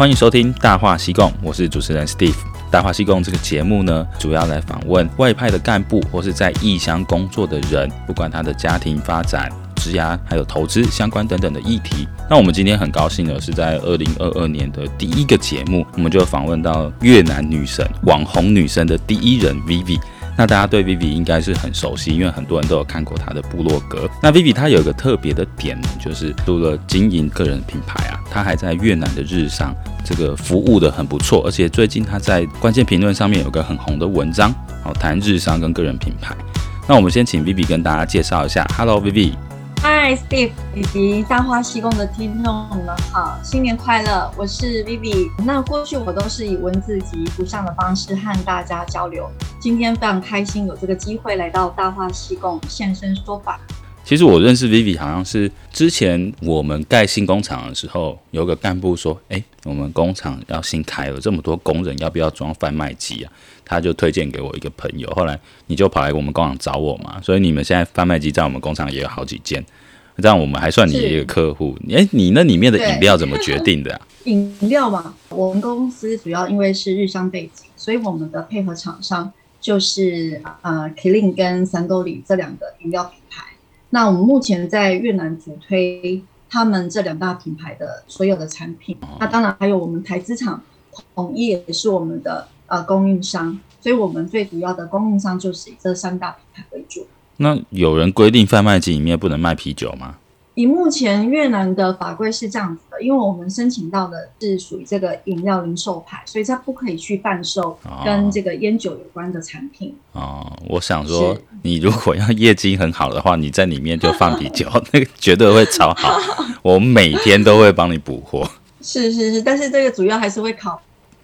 歡迎收聽《大話西貢》，我是主持人 Steve。《大話西貢》這個節目呢，主要來訪問外派的幹部或是在異鄉工作的人，不管他的家庭發展、職涯還有投資相關等等的議題。那我們今天很高興的是，在二零二二年的第一個節目，我們就訪問到越南女神、網紅女神的第一人 Vivi。那大家對 Vivi 應該是很熟悉，因為很多人都有看過他的部落格。那 Vivi 他有一個特別的點，就是除了經營個人品牌啊，他還在越南的日商這個服務得很不錯，而且最近他在關鍵評論上面有個很紅的文章，哦，談日商跟個人品牌。那我們先請 Vivi 跟大家介紹一下，Hello Vivi。嗨，Steve，以及大話西貢的聽眾你們好，新年快樂！我是 Vivi，那過去我都是以文字及圖像的方式和大家交流，今天非常開心有這個機會來到大話西貢現身說法。其實我認識 Vivi 好像是之前我們蓋新工廠的時候，有個幹部說：“哎、欸，我們工廠要新開了，這麼多工人，要不要裝販賣機啊？”他就推薦給我一個朋友，後來你就跑來我們工廠找我嘛。所以你們現在販賣機在我們工廠也有好幾間，這樣我們還算你一個客戶。哎是、欸，你那裡面的飲料怎麼決定的、啊？飲料嘛，我們公司主要因為是日商背景，所以我們的配合廠商就是呃 Kirin 跟三得利這兩個飲料品牌。那我們目前在越南主推他們這兩大品牌的所有的產品，哦、那當然還有我們台資廠統一也是我們的呃供應商，所以我們最主要的供應商就是以這三大品牌為主。那有人規定販賣機裡面不能賣啤酒嗎？以目前越南的法規是這樣子的，因為我們申請到的是屬於這個飲料零售牌，所以它不可以去販售跟這個菸酒有關的產品。哦，哦，我想說，是你如果要業績很好的話，你在裡面就放啤酒， 那個絕對會超好。 我每天都會幫你補貨。是是是，但是這個主要還是會考。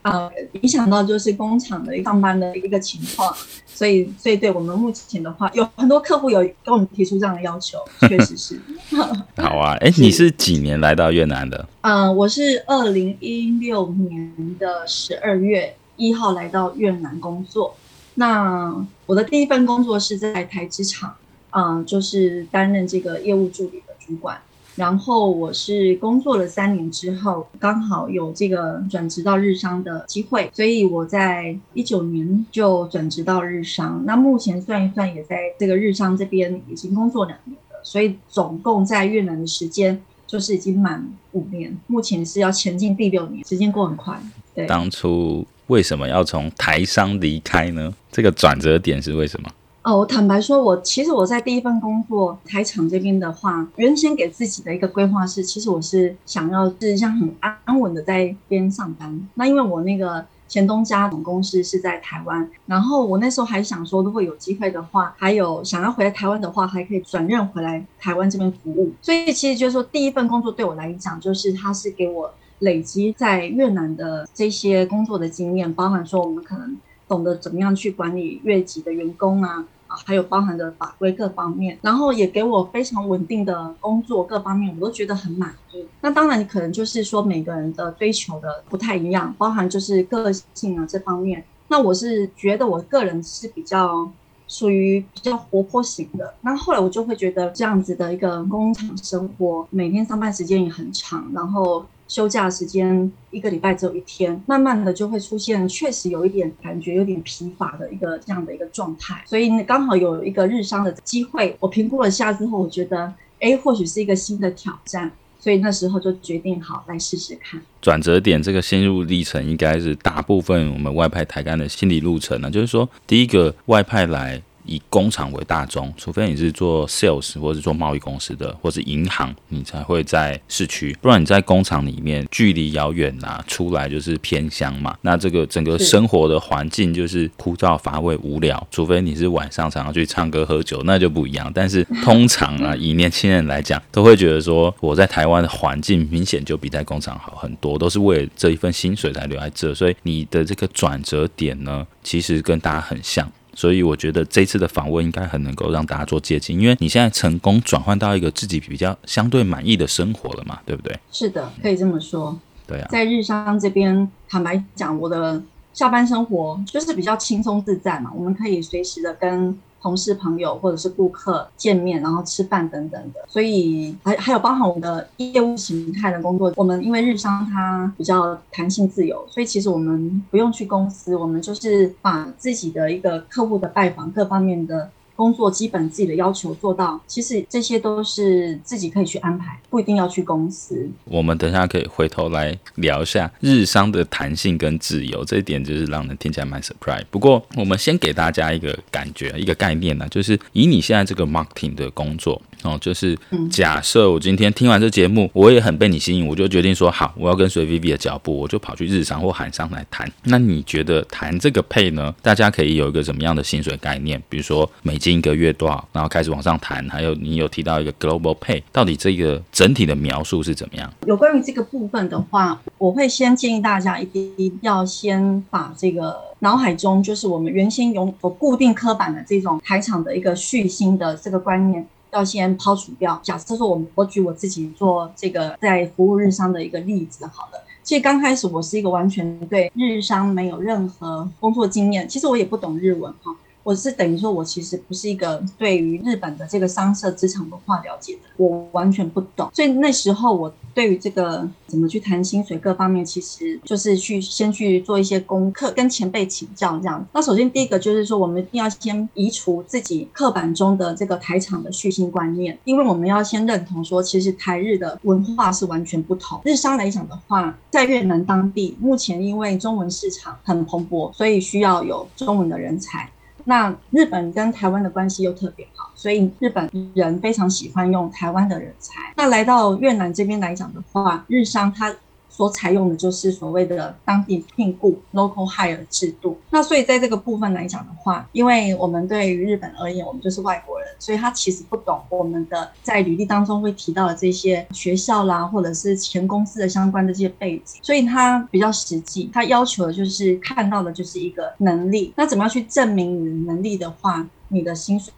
呃，影響、嗯、到就是工廠的上班的一個情況，所以，所以對我們目前的話，有很多客戶有跟我們提出這樣的要求，確實是。 好啊，哎、 欸，你是幾年來到越南的？嗯，我是二零一六年的十二月一號來到越南工作。那我的第一份工作是在台資廠，嗯，就是擔任這個業務助理的主管。然後我是工作了三年之後，剛好有這個轉職到日商的機會，所以我在一九年就轉職到日商。那目前算一算，也在這個日商這邊已經工作兩年了，所以總共在越南的時間就是已經滿五年。目前是要前進第六年，時間過很快。對，當初為什麼要從台商離開呢？這個轉折點是為什麼？哦，我、oh, 坦白說，我其實我在第一份工作台廠這邊的話，原先給自己的一個規劃是，其實我是想要是一樣很安穩的在邊上班。那因為我那個前東家總公司是在台灣，然後我那時候還想說，如果有機會的話，還有想要回來台灣的話，還可以轉任回來台灣這邊服務。所以其實就是說第一份工作對我來講，就是它是給我累積在越南的這些工作的經驗，包含說我們可能懂得怎麼樣去管理越籍的員工啊。啊，還有包含的法規各方面，然後也給我非常穩定的工作各方面，我都覺得很滿足。那當然，你可能就是說每個人的追求的不太一樣，包含就是個性啊這方面。那我是覺得我個人是比較屬於比較活潑型的。那後來我就會覺得這樣子的一個工廠生活，每天上班時間也很長，然後。休假時間一個禮拜只有一天，慢慢的就會出現確實有一點感覺有點疲乏的一個這樣的一個狀態，所以你剛好有一個日商的機會，我評估了下之後，我覺得哎、欸、或許是一個新的挑戰，所以那時候就決定好來試試看。轉折點這個心路歷程應該是大部分我們外派台幹的心理路程呢、啊，就是說第一個外派來。以工廠為大宗，除非你是做 sales 或者做貿易公司的，或是銀行，你才會在市區。不然你在工廠裡面，距離遙遠吶，出來就是偏鄉嘛。那這個整個生活的環境就是枯燥乏味、無聊。是除非你是晚上常常去唱歌喝酒，那就不一樣。但是通常啊，以年輕人來講，都會覺得說我在台灣的環境明顯就比在工廠好很多，都是為了這一份薪水才留在這。所以你的這個轉折點呢，其實跟大家很像。所以我覺得這次的訪問應該很能夠讓大家做借鑒，因為你現在成功轉換到一個自己比較相對滿意的生活了嘛，對不對？是的，可以這麼說。對啊，在日商這邊，坦白講，我的下班生活就是比較輕鬆自在嘛，我們可以隨時的跟。同事、朋友或者是顧客見面，然後吃飯等等的，所以還還有包含我們的業務形態的工作。我們因為日商它比較彈性自由，所以其實我們不用去公司，我們就是把自己的一個客戶的拜訪各方面的，工作基本自己的要求做到，其實這些都是自己可以去安排，不一定要去公司。我們等一下可以回頭來聊一下日商的彈性跟自由，這一點就是讓人聽起來蠻 surprise。不過我們先給大家一個感覺，一個概念啦，就是以你現在這個 marketing 的工作，哦，就是假設我今天聽完這節目，嗯、我也很被你吸引，我就決定說好，我要跟隨 Vivi 的腳步，我就跑去日商或韓商來談。那你覺得談這個 pay 呢，大家可以有一個什麼樣的薪水概念？比如說美金一個月多少，然後開始往上談。還有你有提到一個 Global Pay，到底這個整體的描述是怎麼樣？有關於這個部分的話，我會先建議大家一定要先把這個腦海中就是我們原先有有固定刻板的這種台廠的一個續薪的這個觀念，要先拋除掉。假設說我，我們我舉我自己做這個在服務日商的一個例子，好了。其實剛開始我是一個完全對日商沒有任何工作經驗，其實我也不懂日文哈、哦。我是等於說，我其實不是一個對於日本的這個商社職場文化了解的，我完全不懂。所以那時候我對於這個怎麼去談薪水各方面，其實就是去先去做一些功課，跟前輩請教這樣子。那首先第一個就是說，我們一定要先移除自己刻板中的這個台廠的虛心觀念，因為我們要先認同說，其實台日的文化是完全不同。日商來講的話，在越南當地目前因為中文市場很蓬勃，所以需要有中文的人才。那日本跟台灣的關係又特別好，所以日本人非常喜歡用台灣的人才。那來到越南這邊來講的話，日商他。所採用的就是所謂的當地聘僱 （local hire） 制度。那所以在這個部分來講的話，因為我們對於日本而言，我們就是外國人，所以他其實不懂我們的在履歷當中會提到的這些學校啦，或者是前公司的相關的這些背景。所以他比較實際，他要求的就是看到的就是一個能力。那怎麼樣去證明你的能力的話，你的薪水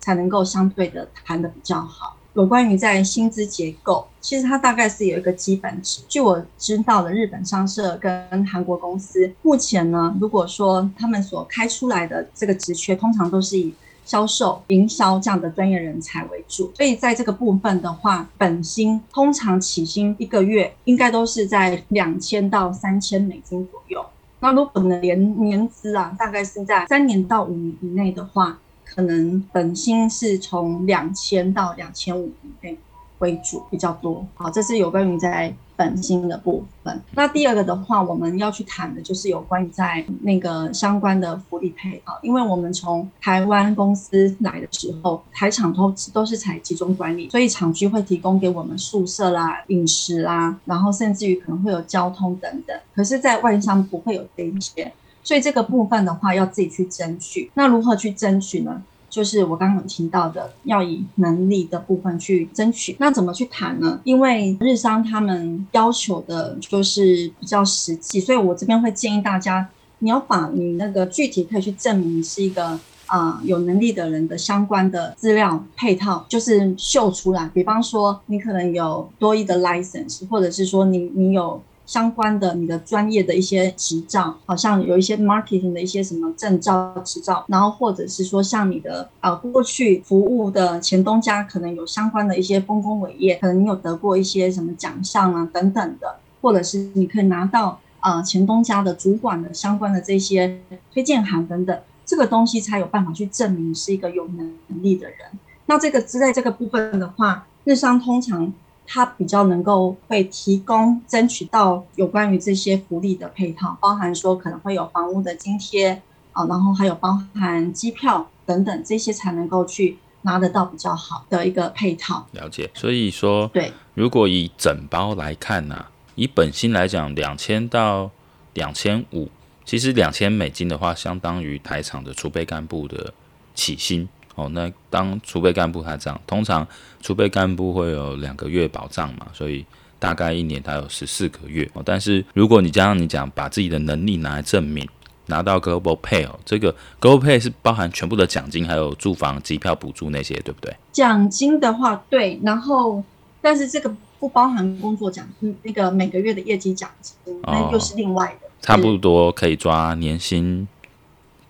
才能夠相對的談得比較好。有關於在薪資結構，其實它大概是有一個基本值。據我知道的，日本商社跟韓國公司目前呢，如果說他們所開出來的這個職缺，通常都是以銷售、營銷這樣的專業人才為主。所以在這個部分的話，本薪通常起薪一個月應該都是在兩千到三千美金左右。那如果呢，連年資啊，大概是在三年到五年以內的話，可能本薪是從兩千到兩千五以內為主比較多，好，這是有關於在本薪的部分。那第二個的話，我們要去談的就是有關於在那個相關的福利配套，因為我們從台灣公司來的時候，台廠都是都是採集中管理，所以廠區會提供給我們宿舍啦、飲食啦，然後甚至於可能會有交通等等。可是，在外商不會有這一些。所以這個部分的話，要自己去爭取。那如何去爭取呢？就是我剛剛有提到的，要以能力的部分去爭取。那怎麼去談呢？因為日商他們要求的就是比較實際，所以我這邊會建議大家，你要把你那個具體可以去證明你是一個啊、呃、有能力的人的相關的資料配套，就是秀出來。比方說，你可能有多益的 license，或者是說你你有。相關的你的專業的一些執照，好像有一些 marketing 的一些什麼證照執照，然後或者是說像你的呃過去服務的前東家可能有相關的一些豐功偉業，可能你有得過一些什麼獎項啊等等的，或者是你可以拿到、呃、前東家的主管的相關的這些推薦函等等，這個東西才有辦法去證明你是一個有能力的人。那這個資歷這個部分的話，日商通常。他比較能夠會提供爭取到有關於這些福利的配套，包含說可能會有房屋的津貼啊、哦，然後還有包含機票等等，這些才能夠去拿得到比較好的一個配套。了解，所以說對，如果以整包來看呢，啊，以本薪來講，兩千到兩千五，其實兩千美金的話，相當於台廠的儲備幹部的起薪。哦，那當儲備幹部他這樣，通常儲備幹部會有兩個月保障嘛，所以大概一年他有十四個月。哦，但是如果你加上你講把自己的能力拿來證明，拿到 Global Pay 哦，這個 Global Pay 是包含全部的獎金，還有住房、機票補助那些，對不對？獎金的話，對。然後，但是這個不包含工作獎金，那個每個月的業績獎金，那又是另外的。哦，是。差不多可以抓年薪。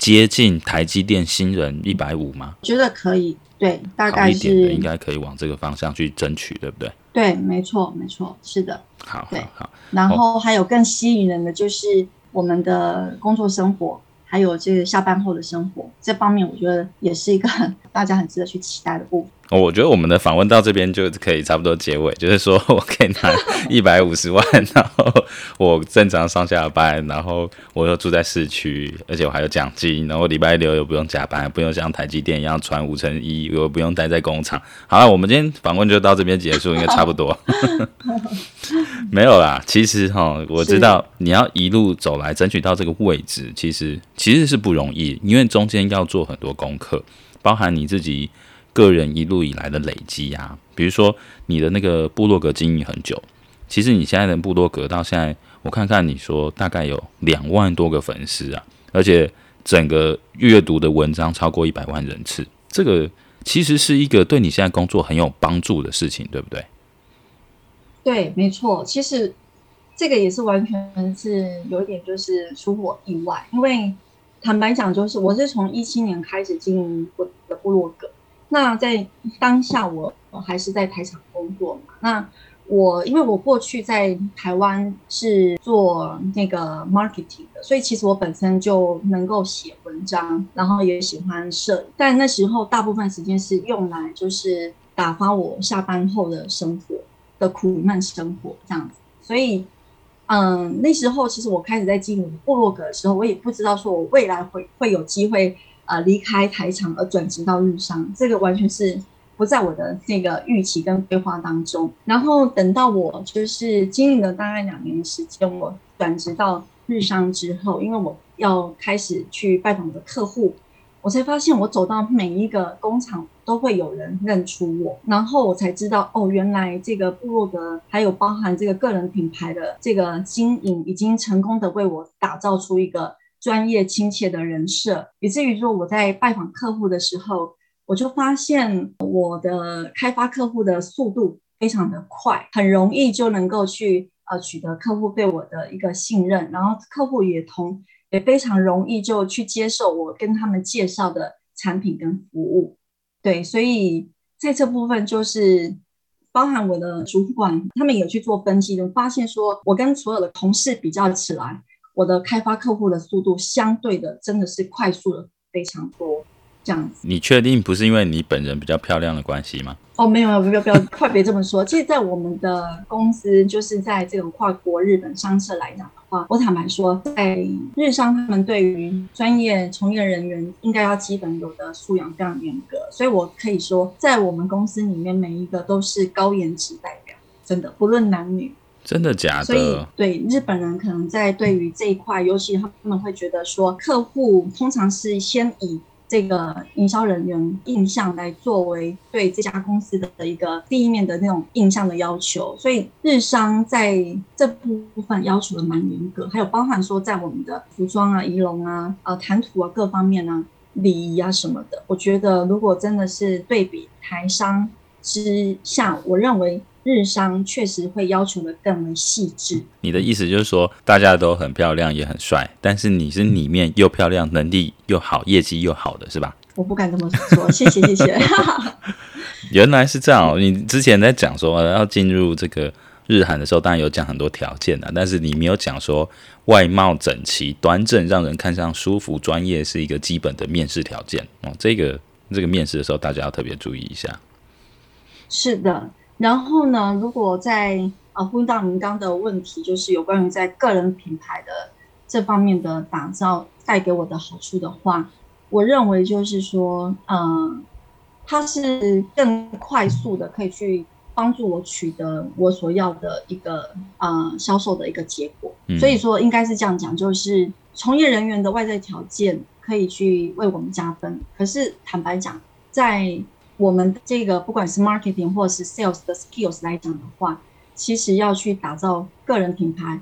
接近台積電新人一百五嗎？覺得可以，對，大概是的，應該可以往這個方向去爭取，對不對？對，沒錯，沒錯，是的。好，對好，好好。然後還有更吸引人的就是我們的工作生活，哦、還有這個下班後的生活，這方面我覺得也是一個很，大家很值得去期待的部分、哦，我覺得我們的訪問到這邊就可以差不多結尾，就是說我可以拿一百五十萬， 然後我正常上下班，然後我又住在市區，而且我還有獎金，然後禮拜六又不用加班，不用像台積電一樣穿無塵衣，又不用待在工廠。好了，我們今天訪問就到這邊結束， 應該差不多。 沒有啦，其實哈，我知道你要一路走來爭取到這個位置，其實其實是不容易，因為中間要做很多功課。包含你自己個人一路以來的累積啊，比如說你的那個部落格經營很久，其實你現在的部落格到現在，我看看你說大概有兩萬多個粉絲啊，而且整個閱讀的文章超過一百萬人次，這個其實是一個對你現在工作很有幫助的事情，對不對？對，沒錯，其實這個也是完全是有點就是出乎我意外，因為。坦白講，就是我是從一七年開始經營我的部落格。那在當下，我我還是在台廠工作嘛。那我因為我過去在台灣是做那個 marketing 的，所以其實我本身就能夠寫文章，然後也喜歡攝影。但那時候大部分時間是用來就是打發我下班後的生活的苦悶生活這樣子，所以。嗯，那時候其實我開始在經營部落格的時候，我也不知道說我未來會會有機會呃離開台廠而轉職到日商，這個完全是不在我的那個預期跟規劃當中。然後等到我就是經營了大概兩年的時間，我轉職到日商之後，因為我要開始去拜訪我的客戶。我才發現，我走到每一個工廠都會有人認出我，然後我才知道，哦，原來這個部落格還有包含這個個人品牌的這個經營，已經成功的為我打造出一個專業親切的人設，以至於說我在拜訪客戶的時候，我就發現我的開發客戶的速度非常的快，很容易就能夠去呃、啊、取得客戶對我的一個信任，然後客戶也同。也非常容易就去接受我跟他們介紹的產品跟服務，對，所以在這部分就是包含我的主管，他們有去做分析，就發現說，我跟所有的同事比較起來，我的開發客戶的速度相對的真的是快速的非常多。這樣子，你確定不是因為你本人比較漂亮的關係嗎？哦，沒有沒有沒有沒有，快別 這麼說。其實，在我們的公司，就是在這種跨國日本商社來講的話，我坦白說，在日商他們對於專業從業人員應該要基本有的素養非常嚴格，所以我可以說，在我們公司裡面，每一個都是高顏值代表，真的，不論男女。真的假的？所以，對，日本人可能在對於這一塊，尤其他們會覺得說，客戶通常是先以這個營銷人員印象來作為對這家公司的的一個第一面的那種印象的要求，所以日商在這部分要求的蠻嚴格，還有包含說在我們的服裝啊、儀容啊、呃、談吐啊各方面啊、禮儀啊什麼的。我覺得如果真的是對比台商之下，我認為。日商確實會要求的更為細緻。你的意思就是說，大家都很漂亮，也很帥，但是你是裡面又漂亮、能力又好、業績又好的，是吧？我不敢這麼說， 謝謝，謝謝。 原來是這樣哦。你之前在講說要進入這個日韓的時候，當然有講很多條件的啊，但是你沒有講說外貌整齊、端正，讓人看上舒服、專業是一個基本的面試條件哦。這個這個面試的時候，大家要特別注意一下。是的。然後呢，如果在呃呼到您剛的問題，就是有關於在個人品牌的這方面的打造帶給我的好處的話，我認為就是說，嗯、呃，它是更快速的可以去幫助我取得我所要的一個呃銷售的一個結果。嗯、所以說，應該是這樣講，就是從業人員的外在條件可以去為我們加分。可是坦白講，在我們這個不管是 marketing 或是 sales 的 skills 來講的話，其實要去打造個人品牌，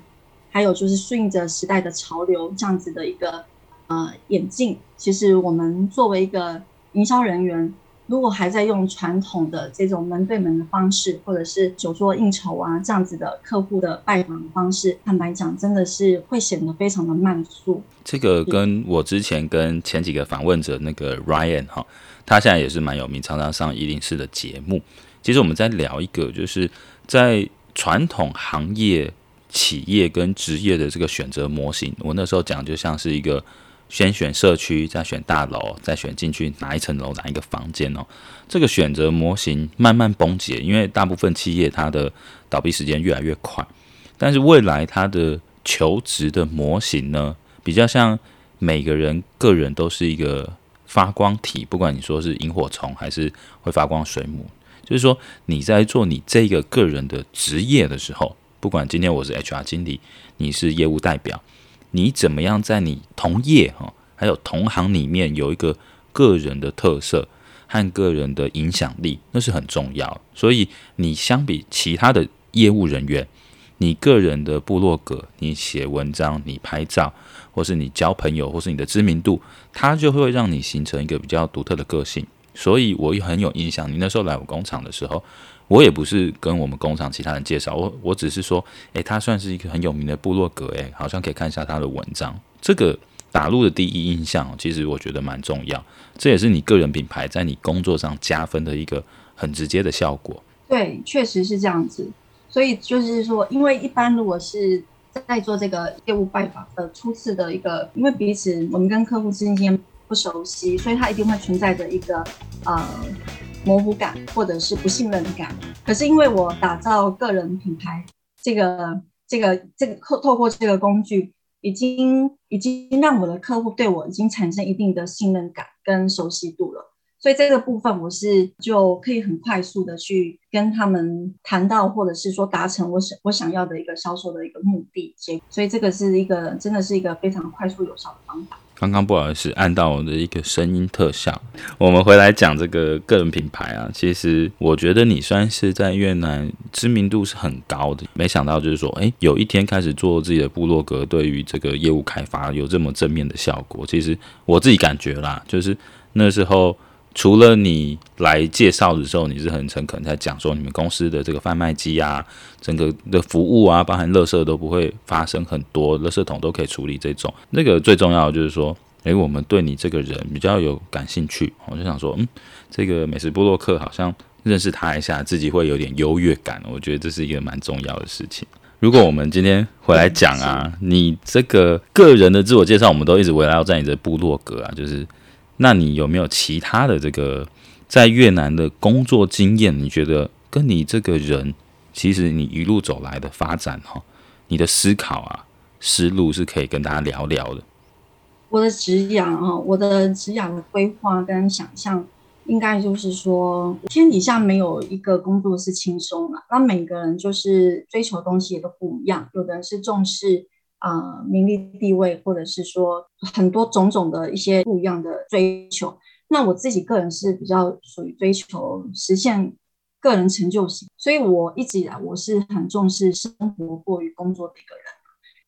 還有就是順着時代的潮流這樣子的一個呃演進。其實我們作為一個營銷人員，如果還在用傳統的這種門對門的方式，或者是酒桌應酬啊這樣子的客戶的拜訪的方式，坦白講，真的是會顯得非常的慢速。這個跟我之前跟前幾個訪問者那個 Ryan 哈。他現在也是蠻有名，常常上一零四的節目。其實我們在聊一個，就是在傳統行業、企業跟職業的這個選擇模型。我那時候講，就像是一個先選社區，再選大樓，再選進去哪一層樓、哪一個房間哦。這個選擇模型慢慢崩解，因為大部分企業它的倒閉時間越來越快。但是未來它的求職的模型呢，比較像每個人個人都是一個。發光體，不管你說是螢火蟲還是會發光水母，就是說你在做你這個個人的職業的時候，不管今天我是 HR 經理，你是業務代表，你怎麼樣在你同業哈還有同行裡面有一個個人的特色和個人的影響力，那是很重要的。所以你相比其他的業務人員，你個人的部落格，你寫文章，你拍照。或是你交朋友，或是你的知名度，它就會讓你形成一個比較獨特的個性。所以我也很有印象，你那時候來我工廠的時候，我也不是跟我們工廠其他人介紹，我我只是說，哎、欸，他算是一個很有名的部落格、欸，哎，好像可以看一下他的文章。這個打入的第一印象，其實我覺得蠻重要，這也是你個人品牌在你工作上加分的一個很直接的效果。對，確實是這樣子。所以就是說，因為一般如果是。在做這個業務拜訪的初次的一個，因為彼此我們跟客戶之間不熟悉，所以他一定會存在着一個呃模糊感或者是不信任感。可是因為我打造個人品牌，這個、這個、這個透透過這個工具，已經已經讓我的客戶對我已經產生一定的信任感跟熟悉度了。所以這個部分我是就可以很快速的去跟他們談到，或者是說達成我想我想要的一個銷售的一個目的。所以這個是一個真的是一個非常快速有效的方法。剛剛不好意思按到我的一個聲音特效。我們回來講這個個人品牌啊，其實我覺得你算是在越南知名度是很高的。沒想到就是說，誒，有一天開始做自己的部落格，對於這個業務開發有這麼正面的效果。其實我自己感覺啦，就是那時候。除了你來介紹的時候，你是很誠懇在講說你們公司的這個販賣機啊，整個的服務啊，包含垃圾都不會發生很多，垃圾桶都可以處理這種。那個最重要的就是說，誒，我們對你這個人比較有感興趣，我就想說，嗯，這個美食部落客好像認識他一下，自己會有點優越感。我覺得這是一個蠻重要的事情。如果我們今天回來講啊，你這個個人的自我介紹，我們都一直圍繞在你的部落格啊，就是。那你有沒有其他的這個在越南的工作經驗？你覺得跟你這個人，其實你一路走來的發展哈，你的思考啊思路是可以跟大家聊聊的。我的職涯啊，我的職涯的規劃跟想象，應該就是說，我天底下沒有一個工作是輕鬆的。那每個人就是追求的東西也都不一樣，有的是重視。呃，名利地位，或者是說很多種種的一些不一樣的追求，那我自己個人是比較屬於追求實現個人成就型，所以我一直以來我是很重視生活過於工作的一個人，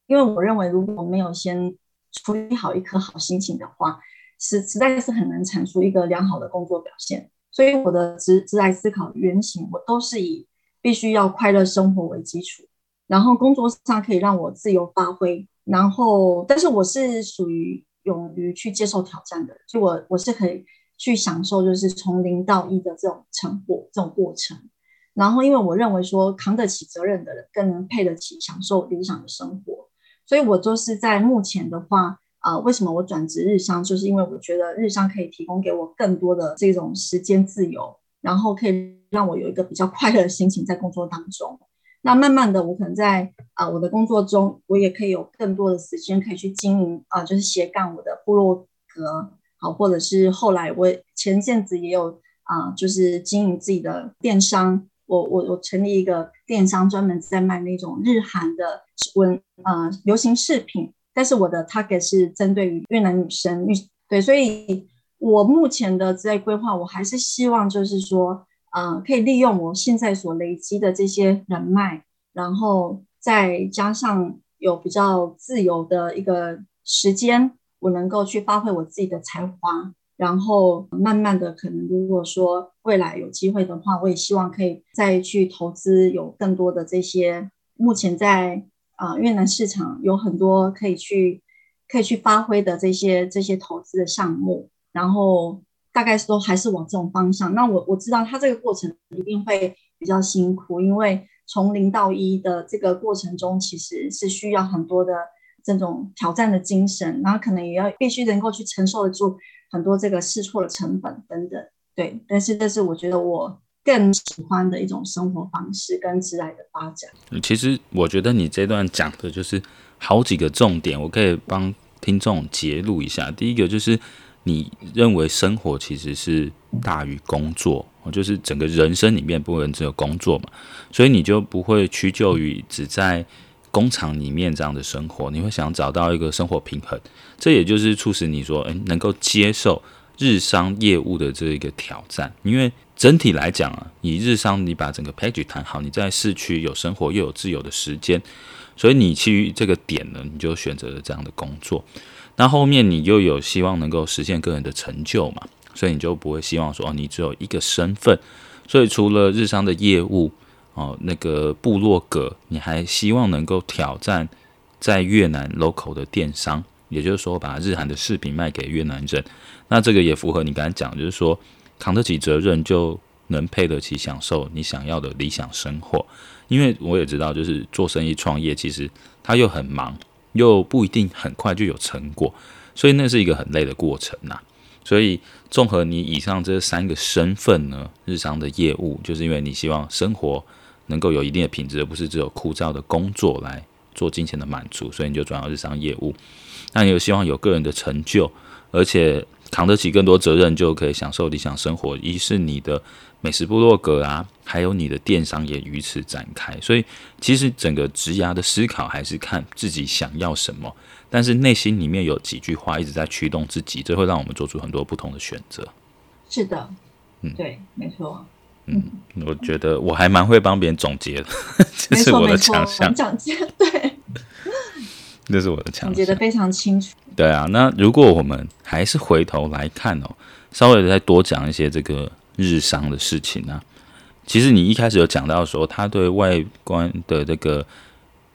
因為我認為如果沒有先處理好一顆好心情的話，實實在是很難產出一個良好的工作表現，所以我的直、職涯思考原型，我都是以必須要快樂生活為基礎。然後工作上可以讓我自由發揮，然後但是我是屬於勇於去接受挑戰的，就我我是可以去享受就是從零到一的這種成果這種過程。然後因為我認為說扛得起責任的人更能配得起享受理想的生活，所以我就是在目前的話啊、呃，為什麼我轉職日商，就是因為我覺得日商可以提供給我更多的這種時間自由，然後可以讓我有一個比較快樂的心情在工作當中。那慢慢的，我可能在啊、呃、我的工作中，我也可以有更多的時間可以去經營啊、呃，就是斜槓我的部落格，好，或者是後來我前陣子也有啊、呃，就是經營自己的電商，我我我成立一個電商，專門在賣那種日韓的文啊、呃、流行飾品，但是我的 target 是針對於越南女生，對，所以我目前的在規劃，我還是希望就是說。嗯、呃，可以利用我現在所累積的這些人脈，然後再加上有比較自由的一個時間，我能夠去發揮我自己的才華，然後慢慢的，可能如果說未來有機會的話，我也希望可以再去投資有更多的這些，目前在啊、呃、越南市場有很多可以去可以去發揮的這些這些投資的項目，然後。大概是都還是往這種方向。那我我知道他這個過程一定會比較辛苦，因為從零到一的這個過程中，其實是需要很多的這種挑戰的精神，然後可能也要必須能夠去承受得住很多這個試錯的成本等等。對，但是這是我覺得我更喜歡的一種生活方式跟之來的發展。其實我覺得你這段講的就是好幾個重點，我可以幫聽眾節錄一下。第一個就是。你認為生活其實是大於工作，就是整個人生裡面不能只有工作嘛，所以你就不會屈就於只在工廠裡面這樣的生活，你會想找到一個生活平衡，這也就是促使你說，哎、欸，能夠接受日商業務的這一個挑戰，因為整體來講啊，你日商你把整個 package 談好，你在市區有生活又有自由的時間，所以你基於這個點呢，你就選擇了這樣的工作。那後面你又有希望能夠實現個人的成就嘛，所以你就不會希望說哦，你只有一個身份，所以除了日商的業務哦，那個部落格，你還希望能夠挑戰在越南 local 的電商，也就是說把日韓的飾品賣給越南人。那這個也符合你剛才講，就是說扛得起責任，就能配得起享受你想要的理想生活。因為我也知道，就是做生意創業，其實他又很忙。又不一定很快就有成果，所以那是一個很累的過程吶、啊。所以綜合你以上這三個身份呢，日常的業務，就是因為你希望生活能夠有一定的品質，而不是只有枯燥的工作來做金錢的滿足，所以你就轉到日商業務。那你又希望有個人的成就，而且扛得起更多責任，就可以享受理想生活。一是你的。美食部落格啊，還有你的電商也於此展開，所以其實整個職涯的思考還是看自己想要什麼，但是內心裡面有幾句話一直在驅動自己，這會讓我們做出很多不同的選擇。是的，嗯，對，沒錯，嗯，我覺得我還蠻會幫別人總結的，這 錯 是我的強項。總結，對，這 是我的強項，總結的非常清楚。對啊，那如果我們還是回頭來看哦，稍微再多講一些這個。日商的事情呢、啊？其實你一開始有講到說，他對外觀的這個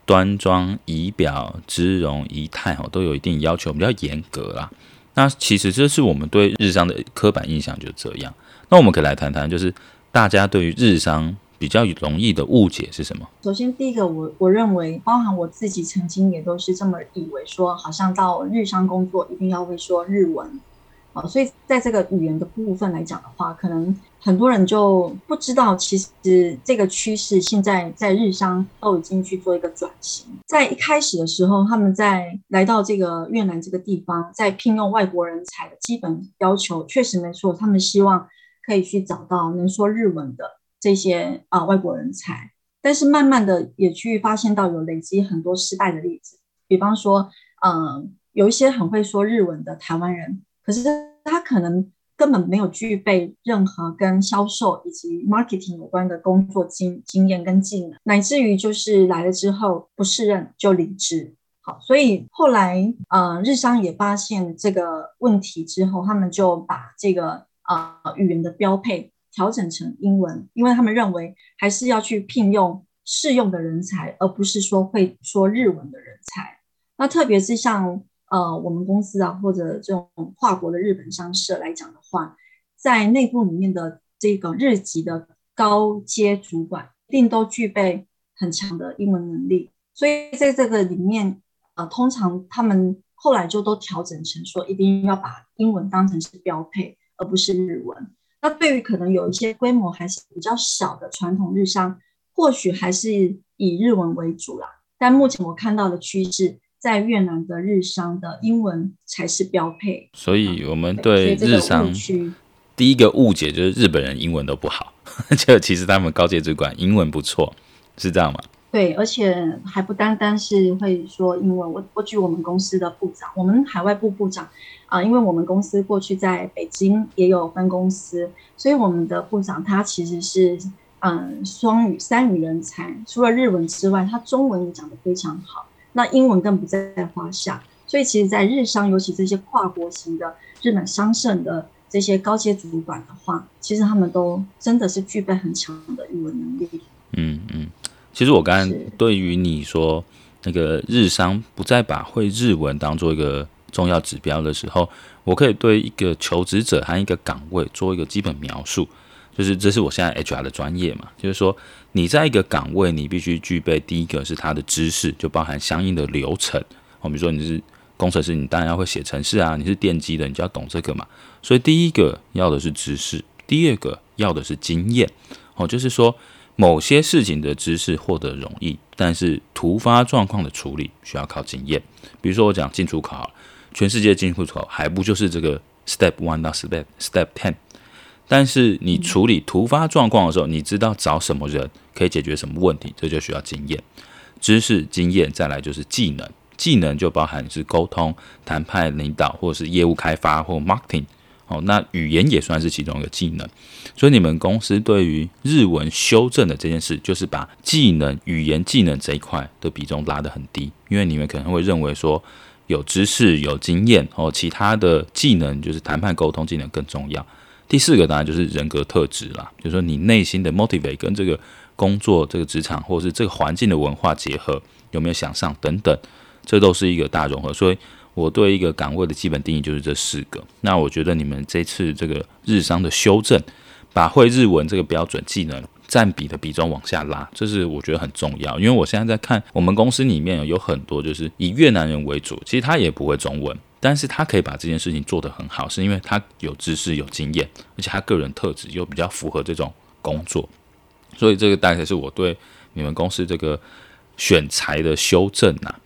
端莊儀表、姿容儀態哦，都有一定要求，比較嚴格啦。那其實這是我們對日商的刻板印象就這樣。那我們可以來談談，就是大家對於日商比較容易的誤解是什麼？首先，第一個，我我認為，包含我自己曾經也都是這麼以為說，說好像到日商工作一定要會說日文。所以，在這個語言的部分來講的話，可能很多人就不知道，其實這個趨勢現在在日商都已經去做一個轉型。在一開始的時候，他們在來到這個越南這個地方，在聘用外國人才的基本要求，確實沒錯，他們希望可以去找到能說日文的這些啊、呃、外國人才。但是慢慢的也去發現到有累積很多失敗的例子，比方說，嗯、呃，有一些很會說日文的台灣人，可是這。他可能根本沒有具備任何跟銷售以及 marketing 有關的工作經經驗跟技能，乃至於就是來了之後不勝任就離職。好，所以後來，呃，日商也發現這個問題之後，他們就把這個呃語言的標配調整成英文，因為他們認為還是要去聘用適用的人才，而不是說會說日文的人才。那特別是像。呃，我們公司啊，或者這種跨國的日本商社來講的話，在內部裡面的這個日籍的高階主管，一定都具備很強的英文能力。所以在這個裡面，呃，通常他們後來就都調整成說，一定要把英文當成是標配，而不是日文。那對於可能有一些規模還是比較小的傳統日商，或許還是以日文為主啦。但目前我看到的趨勢。在越南的日商的英文才是標配，所以我們對日商第一個誤解就是日本人英文都不好，就 其實他們高階主管英文不錯，是這樣嗎？對，而且還不單單是會說英文。我我舉我們公司的部長，我們海外部部長啊、呃，因為我們公司過去在北京也有分公司，所以我們的部長他其實是嗯雙語三語人才，除了日文之外，他中文也講得非常好。那英文更不在話下，所以其實，在日商，尤其這些跨國型的日本商社的這些高階主管的話，其實他們都真的是具備很強的語文能力。嗯嗯，其實我剛剛對於你說是那個日商不再把會日文當做一個重要指標的時候，我可以對一個求職者和一個崗位做一個基本描述。就是這是我現在 HR 的專業嘛。就是說，你在一個崗位，你必須具備第一個是他的知識，就包含相應的流程。哦，比如說你是工程師，你當然要會寫程式啊；你是電機的，你就要懂這個嘛。所以第一個要的是知識，第二個要的是經驗。哦，就是說某些事情的知識獲得容易，但是突發狀況的處理需要靠經驗。比如說我講進出口，全世界進出口還不就是這個 step one 到 step step ten。但是你處理突發狀況的時候，你知道找什麼人可以解決什麼問題，這就需要經驗、知識、經驗。再來就是技能，技能就包含是溝通、談判、領導，或者是業務開發或 marketing。好、哦，那語言也算是其中一個技能。所以你們公司對於日文修正的這件事，就是把技能、語言技能這一塊的比重拉得很低，因為你們可能會認為說有知識、有經驗，哦，其他的技能就是談判、溝通技能更重要。第四個當然就是人格特質啦。就是說你內心的 motivate 跟這個工作、這個職場或者是這個環境的文化結合有沒有想上等等，這都是一個大融合。所以我對一個崗位的基本定義就是這四個。那我覺得你們這次這個日商的修正，把會日文這個標準技能占比的比重往下拉，這是我覺得很重要。因為我現在在看我們公司裡面有很多就是以越南人為主，其實他也不會中文。但是他可以把這件事情做得很好，是因為他有知識、有經驗，而且他個人特質又比較符合這種工作，所以這個大概是我對你們公司這個選材的修正啊。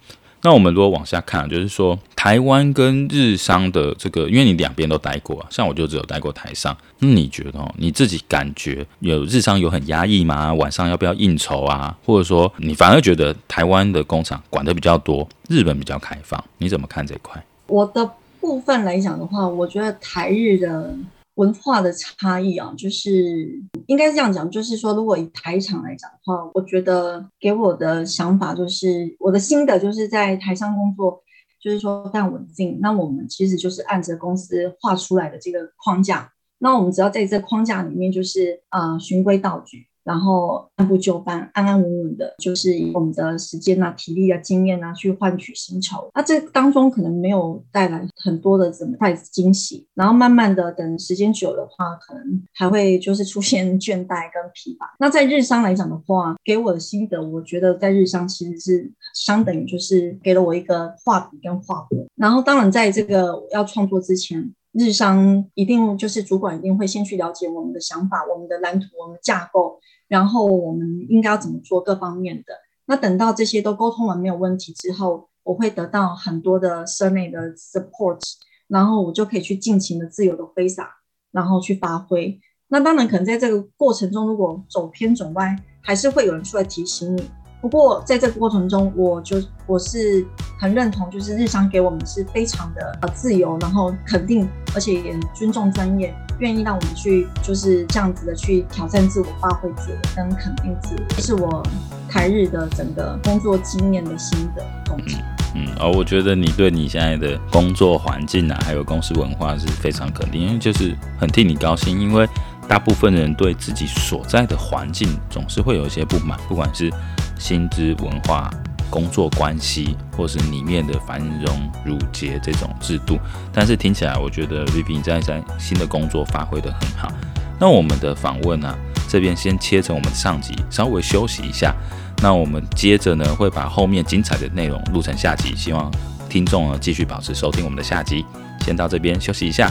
那我們如果往下看啊，就是說台灣跟日商的這個，因為你兩邊都待過啊，像我就只有待過台商，那你覺得哦，你自己感覺有日商有很壓抑嗎？晚上要不要應酬啊？或者說你反而覺得台灣的工廠管得比較多，日本比較開放，你怎麼看這塊？我的部分來講的話，我覺得台日的文化的差異啊，就是應該是這樣講，就是說，如果以台廠來講的話，我覺得給我的想法就是我的心得，就是在台商工作，就是說，但穩定。那我們其實就是按着公司畫出來的這個框架，那我們只要在這框架裡面，就是啊、呃，循規蹈矩。然後按部就班，安安穩穩的，就是以我們的時間啊、體力啊、經驗啊去換取薪酬。那、啊、這當中可能沒有帶來很多的什麼大驚喜。然後慢慢的，等時間久的話，可能還會就是出現倦怠跟疲乏。那在日商來講的話，給我的心得，我覺得在日商其實是相等於就是給了我一個畫筆跟畫布。然後當然，在這個要創作之前，日商一定就是主管一定會先去了解我們的想法、我們的藍圖、我們的架構，然後我們應該要怎麼做各方面的。那等到這些都溝通完沒有問題之後，我會得到很多的社內的 support，然後我就可以去盡情的自由的揮灑，然後去發揮。那當然可能在這個過程中，如果走偏走歪，還是會有人出來提醒你。不過，在這個過程中，我就我是很認同，就是日商給我們是非常的呃自由，然後肯定，而且也尊重專業，願意讓我們去就是這樣子的去挑戰自我、發揮自我跟肯定自我，這、就是我台日的整個工作經驗的心得總結、嗯。嗯而、哦、我覺得你對你現在的工作環境啊，還有公司文化是非常肯定，因為就是很替你高興，因為大部分人對自己所在的環境總是會有一些不滿，不管是，薪資文化、工作關係，或是裡面的繁榮縟節這種制度，但是聽起來我覺得 Rebecca 在在新的工作發揮得很好。那我們的訪問呢、啊，這邊先切成我們上集，稍微休息一下。那我們接着呢，會把後面精彩的內容錄成下集，希望聽眾呢，繼續保持收聽我們的下集。先到這邊休息一下。